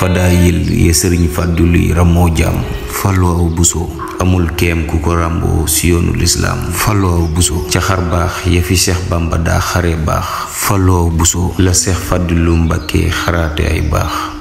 fadaayil ye sëriñ fàdduli ramoo jaam fàllu aw buso amul keem ku ko ràmboo si yoonu lislaam fàllu aw buso ca xar baax ya fi seex bàmba daa xare baax fàllu aw buso la seex fàddulu mbàkke xaraate ay baax